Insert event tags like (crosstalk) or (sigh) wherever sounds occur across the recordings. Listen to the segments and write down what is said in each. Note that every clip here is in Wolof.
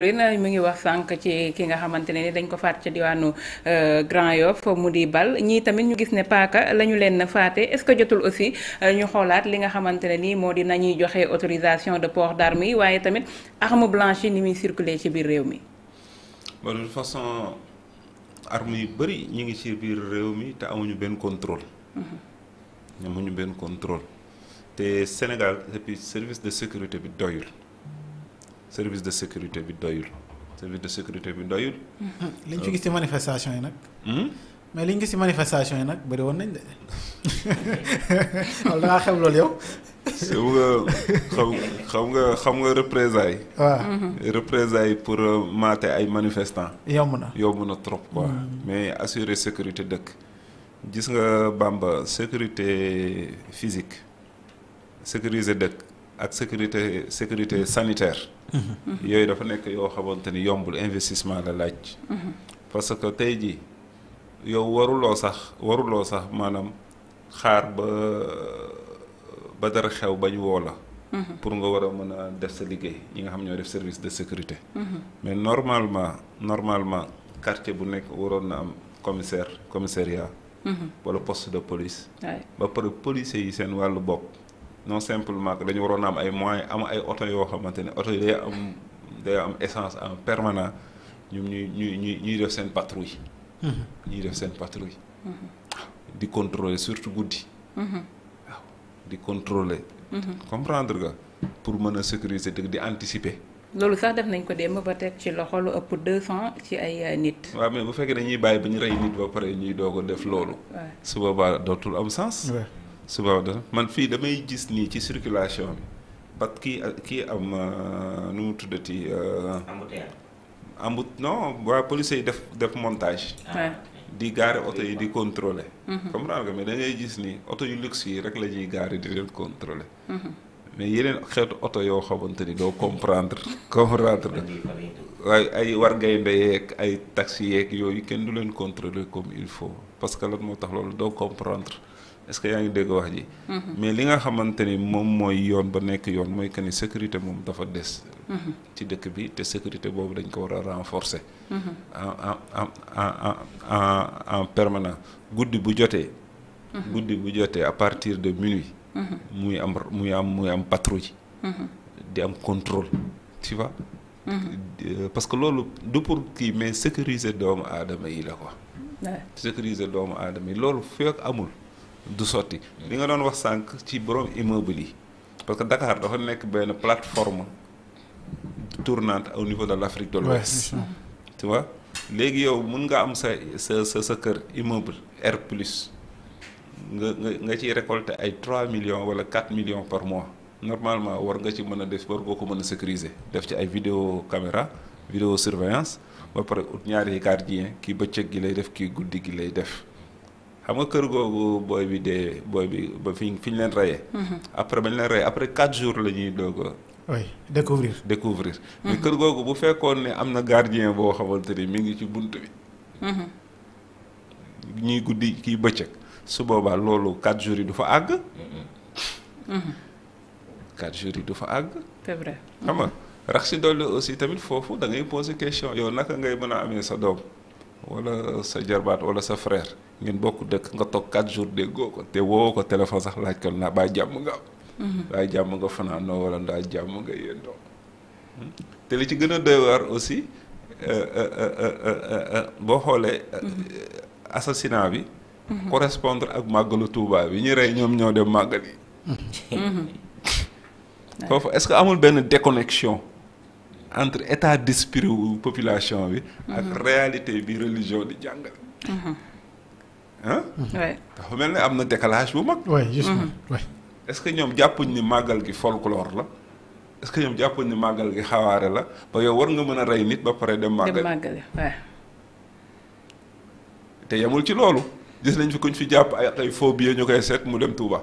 mi ngi wax sànq ci ki nga xamante ne ni dañ ko faat ca diwaanu euh, Grand Yoff mu di bal ñii tamit ñu gis ne paaka la ñu leen faate est-ce que jotul aussi euh, ñu xoolaat li nga xamante ne nii moo di nañuy joxe autorisation de port d'armes yi waaye tamit arme blanche yi ni muy circuler ci biir réew mi. de toute façon bëri ñu ngi ci biir réew mi te amuñu benn contrôle. Mm-hmm. amuñu benn contrôle te Sénégal et service de sécurité bi doyul. service de sécurité bi doyul service de sécurité bi doyul. (laughs) li ñu fi gis ci manifestation yi nag. Hmm? mais li ñu gis ci manifestation yi nag bëri woon nañ de wala (laughs) dangaa xew loolu yow. xam nga xam nga xam nga représailles. waaw mm-hmm. représailles pour euh, mater ay manifestant yomb na yomb na trop quoi. Mm. mais assurer sécurité dëkk. gis nga Bamba sécurité physique sécuriser dëkk. ak sécurité sécurité sanitaire. Mm-hmm. yooyu dafa nekk yoo xamante ni yombul investissement la laaj. Mm-hmm. parce que tey jii yow waruloo sax waruloo sax maanaam xaar ba ba dara xew ba ñu woo la. Mm-hmm. pour nga war a mën a def sa liggéey ñi nga xam ñoo def service de sécurité. mais normalement normalement quartier bu nekk waroon na am commissaire commissariat. wala post de police. ba pare policiers yi seen wàllu bopp. non simplement que dañu waroon am ay moyens am ay oto yoo xamante ne oto yi day am day am essence en permanent ñoom ñuy ñuy ñuy ñuy def seen patrouille. Mm-hmm. ñuy def seen patrouille. Mm-hmm. di contrôler surtout guddi. Mm-hmm. waaw di contrôler. comprendre nga pour mën a sécuriser dëgg di anticiper. loolu sax def nañ ko démb ba teg ci loxo lu ëpp 200 ci ay euh, nit. waaw mais bu fekkee dañuy bàyyi ba ñu rey nit ba pare ñuy doog a def loolu. su boobaa dootul am sens. suba dara man fii damay gis nii ci circulation bi ba kii kii am euh, nu mu tuddati. Euh, embouteillage. embout non waa police yi def def montage. Ah, di gaare oto yi di contrôler. Mhm. comprendre nga mais da gis ni oto yu luxe yi rek la ñuy gaare di leen contrôler. Mhm. mais yeneen xeetu oto yoo xamante ni doo comprendre comprendre waaye ay war ngay ndeyeeg ay taxi yeeg yooyu kenn du leen contrôler comme il faut parce que lan moo tax loolu doo comprendre est-ce que yaa ngi dégg wax ji mm-hmm. mais li nga xamante ni moom mooy yoon ba nekk yoon mooy que ni sécurité moom dafa des mm-hmm. ci dëkk bi te sécurité boobu dañ ko war a renforcer mm-hmm. en en en en permanent guddi bu jotee guddi bu jotee à partir de minuit muy am muy am muy am patrouille. di am contrôle tu vois. Euh, parce que loolu du pour kii mais sécuriser doomu aadama yi la ko. sécuriser doomu aadama yi loolu fekk amul du sotti. li nga doon wax sànq ci borom immeuble yi parce que Dakar dafa nekk benn plateforme tournante au niveau de l' Afrique de l'Ouest léegi yow mun nga am sa sa sa kër immeuble R plus. nga nga nga ciy récolter ay trois millions wala 4 millions par mois normalement war nga ci mën a def war nga ko mën a sécuriser def ci ay vidéo caméra vidéo surveillance ba pare ut ñaari gardien kii bëccëg gi lay def kii guddi gi lay def xam nga kër googu booy bi dee booy bi ba fi fi ñu leen reyee. Mm-hmm. après ba leen reyee après 4 jours la ñuy doog oui découvrir découvrir mm-hmm. mais kër googu bu fekkoon ne am na gardien boo xamante ni mi ngi ci bunt bi. Mm-hmm. ñuy guddi kii bëccëg. su boobaa loolu quatre jours yi du fa àgg. Mm-hmm. quatre jours yi du fa àgg. c'est vrai xam nga si dolli aussi tamit foofu da ngay question yow naka ngay mën a amee sa doom wala sa jarbaat wala sa frère ngeen bokk dëkk nga toog quatre jours déggoo ko te woo ko téléphone sax laaj ko naa baa jàmm nga am. Mm-hmm. jàmm nga fanaanoo walla daa jàmm nga yendoo te li ci gën a doy waar aussi eh, eh, eh, boo xoolee. Mm-hmm. assassinat bi. Mhm. correspondre ak màggalu Touba yi ñu rey ñoom ñoo dem màggal yi mhm. foofu est-ce que amul benn déconnexion entre état d'esprit wu population bi ak mhm. réalité bi religion di jàngal ah dafa mel ni am na décalage bu mag est-ce que ñoom jàppuñ ni màggal gi folklore la est-ce que ñoom jàppuñ ni màggal gi xawaare la ba yow war nga mën a rey nit ba pare dem màggal te yemul ci loolu gis nañ fi kuñ fi jàpp ay ay faux ñu koy seet mu dem Touba.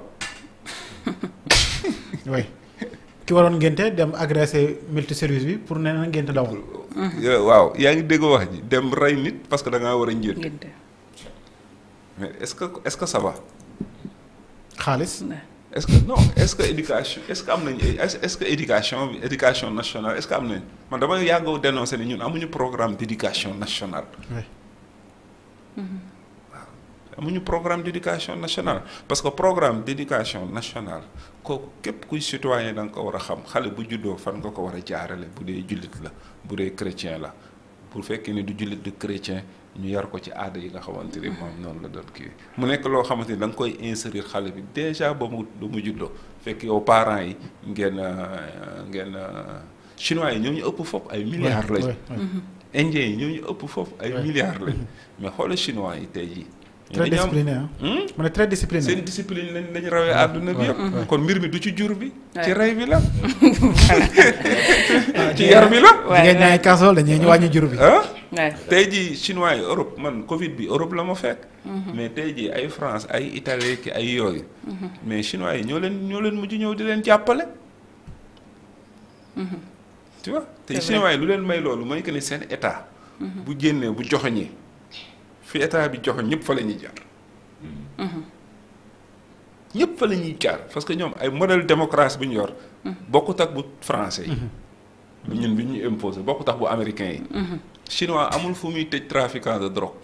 (laughs) oui ki waroon ngénte dem agressé multi service bi pour nee na ngénte dawul. waaw yaa ngi dégg wax ji dem rey nit parce que da ngaa war a njéet. mais est-ce que est-ce que ça va. est-ce que non est-ce que éducation est-ce que am nañ est-ce que éducation bi éducation nationale est-ce que am nañ man dama yàgg dénoncé ni ñun amuñu programme d'éducation nationale. Mhm. amuñu programme d' éducation parce que programme d' éducation nationale képp kuy citoyen da nga ko war a xam xale bu juddoo fan nga ko war a jaarale bu dee la bu dee chrétien la bu fekkee ne du jullit du chrétien ñu yar ko ci aada yi nga xamante ni noonu la doon kii mu nekk loo xamante ni danga koy insérer xale bi déjà ba mu ba mu juddoo fekk yow parents yi ngeen ngeen chinois yi ñoo ñu ëpp foofu ay milliards lañ indiens ëpp foofu ay milliards lañ mais xoola chinois yi tey jii très discipliné mu hmm? ne très discipliné seen discipline lañ rawee àdduna bi yëpp. kon mbir mi du ci jur bi. ci rey bi la. (laughs) (laughs) ci yar bi la. waay waay kaasol dañuy ñu wàññi jur bi. tey jii chinois yi Europe man Covid bi Europe la ma fekk. Mhm. mais tey jii ay France ay Italie ki ay yooyu. Mhm. mais chinois yi ñoo leen ñoo leen mujj ñëw di leen jàppale. Mhm. tu vois tey chinois yi lu leen may loolu mooy que ni seen état. bu génnee bu joxoñee fi état bi joxoon ñëpp fa la jaar. Mm-hmm. ñëpp fa la ñuy jaar parce que ñoom ay modèle démocratie bu ñu yor. Mm-hmm. bokkut ak bu français yi. Mm-hmm. ñun bi ñu imposé bokkut ak bu américain yi. chinois amul fu muy tëj trafiquant de drogue.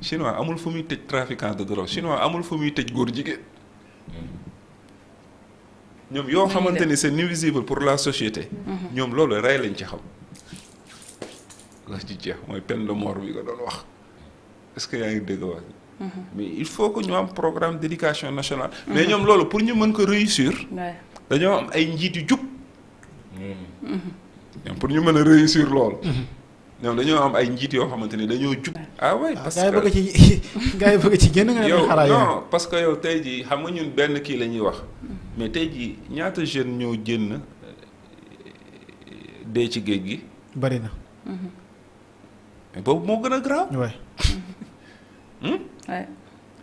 chinois amul fu muy tëj trafiquant de drogue chinois amul fu muy tëj góor jigéen. ñoom yoo xamante ni c'est nuisible pour la société. ñoom loolu rey lañ ci xam. wax ci jeex mooy peine de mort bi nga doon wax est yaa ngi dégg wax mhm. mais il faut que ñu am programme d'éducation nationale mhm. mais ñoom loolu pour ñu mën ko réussir dañoo am ay njiit yu mhm. pour ñu mën a réussir loolu dañoo am ay njiit yoo xamante ni dañoo jub ah oui ah, parce que ci gars yi (laughs) parce que yow tey jii xam nga ñun benn kii la ñuy wax mais tey jii ñaata jeune ñoo génn euh, dee ci géej gi bari na boobu moo gën a grave.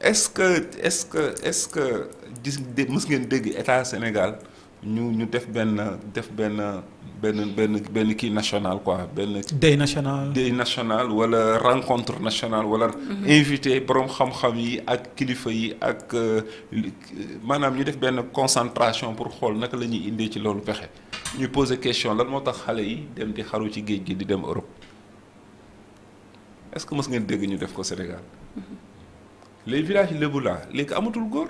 est-ce que est-ce que est-ce que gis mës ngeen dégg état Sénégal ñu ñu def benn def benn benn benn benn kii national quoi benn. day national day national wala rencontre national wala. Mhm. invité boroom xam-xam yi ak kilifa yi ak euh, maanaam ñu def benn concentration pour xool naka la ñuy indee ci loolu pexe. ñu poser question lan moo tax xale yi dem di xaru ci géej gi di dem Europe. est que mës ngeen dégg ñu def ko Sénégal les villages lébu laa léegi amatul góor.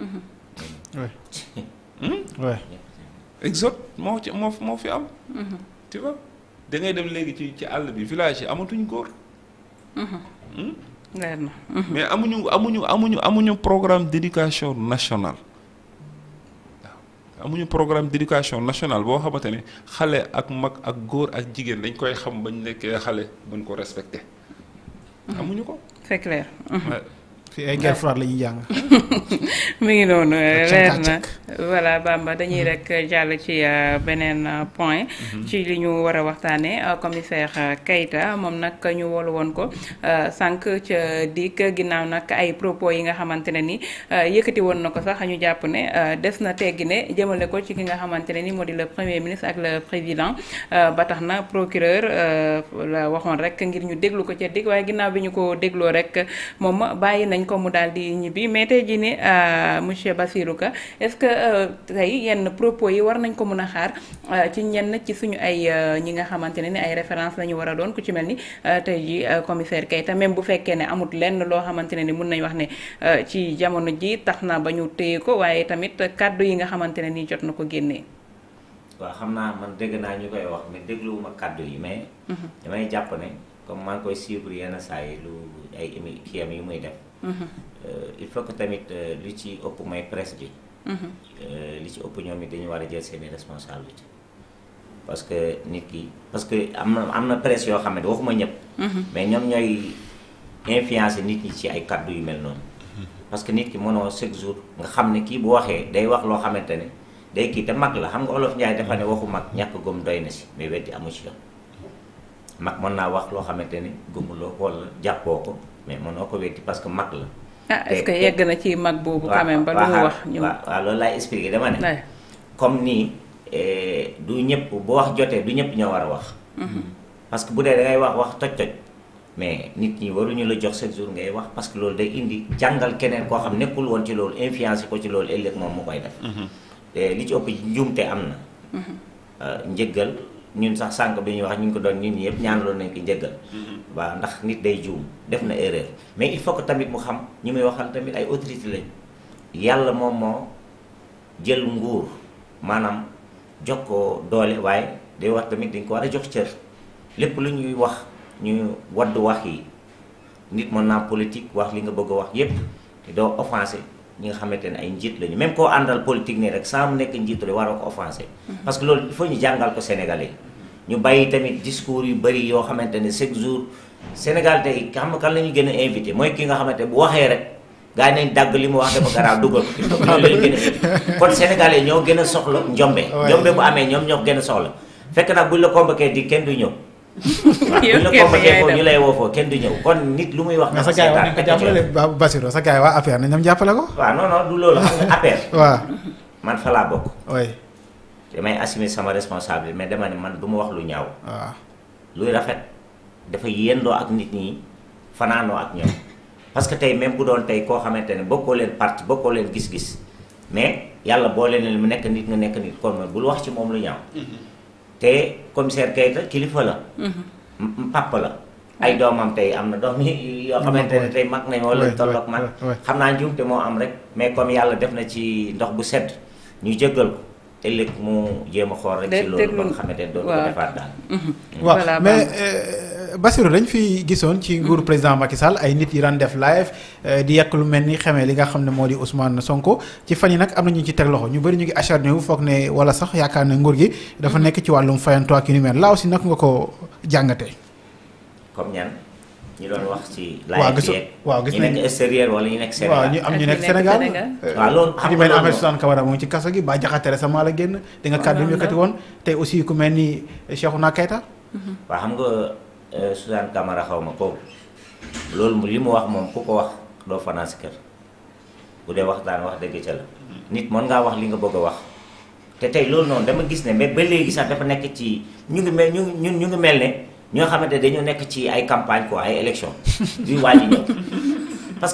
Mm-hmm. oui. Hmm? exode moo fi am. Mm-hmm. tu vois da dem léegi ci ci àll bi village yi amatuñ góor. Mm-hmm. Hmm? mais amuñu amuñu amuñu amuñu programme d'éducation national amuñu programme d'éducation nationale boo xamante ne xale ak mag ak góor ak jigéen dañ koy xam bañ nekkee xale mën ko respecter. ñu ko. c'est clair. fii ay gerfraat la ñuy jàng. (laughs) mi ngi noonu eh, leer na voilà Bamba dañuy mm-hmm. rek jàll ci euh, beneen euh, point. Mm-hmm. ci li ñu war a waxtaanee euh, commissaire Keita moom nag ñu wolu woon ko sànq ca dikk ginnaaw nag ay propos yi nga xamante ne ni yëkkati woon na ko sax ñu jàpp ne des na teggi ne jëmale ko ci ki nga xamante ne ni moo di le premier ministre ak le président ba tax na procureur la waxoon rek ngir ñu déglu ko ca dikk waaye ginnaaw bi ñu ko dégloo rek moom bàyyi nañ daal di ñibbi mais tey jii ni euh, monsieur Bassirou Ka est-ce que euh, tey yenn propos yi war nañ ko mën a xaar euh, ci ñenn ci suñu ay ñi nga xamante ne ni ay référence la war a doon ku ci mel ni tey jii commissaire Keita même bu fekkee ne amut lenn loo xamante ne ni mun nañ wax ne ci jamono ji tax na ba ñu téye ko waaye tamit kàddu yi nga xamante ne ni jot na ko génnee. waa xam naa man dégg naa ñu koy wax mais dégluwuma kàddu yi mais. Mhm. damay jàpp ne comme maa ngi koy suivre yenn saa yi lu ay émi kii yi muy def. Euh, il faut que tamit euh, li ci ëpp mooy presse bi. Mhm. Euh, li ci ëpp ñoom it dañu war a jël seeni responsabilité parce que nit ki parce que am na am na presse yoo xam ne waxuma ñëpp. Mhm. mais ñoom ñooy influencer nit ñi ci ay kaddu yu mel noonu. Mhm. parce que nit ki mënoo chaque jour nga xam ne kii bu waxee day wax loo xamante ne day kii te mag la xam nga olof Njaay dafa ne waxu mag ñàkk gëm doy na si mais weddi amu ci yoon mag mën naa wax loo xamante ne gëmuloo wala jàppoo ko. mais mënoo ko weddi parce que mag la. ah est que yegg na ci mag boobu. quand même ba lu mu wax ñu. waaw waaw loolu laay expliqué dama ne. comme nii eh, du ñëpp bu wax jotee du ñëpp ñoo war a wax. Mhm. parce que bu dee da ngay wax wax toj-toj. mais nit ñi waruñu la jox chaque jour ngay wax parce que loolu day indi jàngal keneen koo xam nekkul woon ci loolu influencé ko ci loolu ëllëg moom mu koy def. Mhm. Eh, li ci ëpp njuumte am na. Mhm. Euh, njëggal. ñun sax sànq bi ñuy wax ñu ngi ko doon ñun ñaan loolu nañ ko jéggal mm-hmm. waaw ndax nit day juum def na erreur mais il faut tamit mu xam ñi may waxal tamit ay autorité lañ yàlla moom moo jël nguur maanaam jox ko doole waaye day wax tamit dañ ko war a jox cër lépp lu ñuy wax ñu wadd wax yi nit mën naa politique wax li nga bëgg wax yépp doo offensé ñi nga xamante ne ay njiit lañu même koo àndal politique ne rek sans mu nekk njiitu la waroo ko offensé. Mhm. parce que loolu il faut ñu jàngal ko Sénégalais ñu bàyyi tamit discours yu bëri yoo xamante ne chaque jour Sénégal tey xam kan la ñu gën a invité mooy kii nga xamante bu waxee rek gaa yi nañ dàgg li mu wax dafa garaaw dugal ko TikTok loolu (laughs) ñoo gën a soxla njombe. njombe bu amee ñoom ñoo gën a soxla fekk nag buñ la convoqué di kenn du ñëw. yow ñu lay woo kenn du ñëw kon nit lu muy wax. na sa gars ba wax ko jàppale Basirou sa gars yi waa affaire nañ ñoom jàppale ko. waaw non non du loolu xam nga affaire. (laughs) waaw man fa laa bokk. oui. damay assumer sama responsabilité mais demal ne man du ma wax lu ñaaw. waaw luy rafet dafa yendoo ak nit ñi fanaanoo ak ñoom parce que tey même bu doon tey koo xamante ne bokkoo leen parti bokkoo leen gis-gis mais yàlla boo leen mu nekk nit nga nekk nit kon bul wax ci moom lu ñaaw. Mm-hmm. te commissaire Keita kilifa la. Mm-hmm. papa la. ay doomam tey am na doom yi yoo mm-hmm. xamante ne tey mag nañoo wala tolloog man xam naa njuumte moo am rek mais comme yàlla def na ci ndox bu sedd ñu jéggal ko ëllëg mu jéem a xool rek. ci loolu ba nga xamante ne doon ko defaat daal. Mm-hmm. mais. Bassirou dañ fi gisoon ci nguur mm. président Macky Sall ay nit yi daan def live euh, di yàq lu mel ni xamee li nga xam ne moo di Ousmane Sonko ci fan yi nag am na ñu ci teg loxo ñu bëri ñu ngi acharné wu foog ne sax yaakaar ne nguur gi dafa mm-hmm. nekk ci wàllum fayantoo ak yu ni mel laa aussi nag ko jàngatee. comme ñan ñu doon wax ci. waaw waaw gis nañ ñu ñu am ñu nekk Sénégal. waaw loolu xam nga loolu ku ci mel ni Ahmed Suzanne Camara moom ci kaso gi ba jaxatere sama la génn. di nga kàddu yëkkati woon te aussi ku mel ni Cheikhouna Keita waaw xam nga Eh, Suzanne Camara xaw ma kooku loolu li mu wax moom ku ko wax doo fanaan si kër bu dee waxtaan wax dëgg ca la nit mën ngaa wax li nga bëgg a wax te tey loolu noonu dama gis ne mais ba léegi sax dafa nekk ci ñu ngi mel ñu ñu ñu ngi mel ne ñoo xamante dañoo nekk ci ay campagne quoi ay élection (laughs) di waaj a ñëw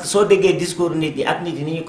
soo déggee discours nit yi ak nit yi ni ñu ko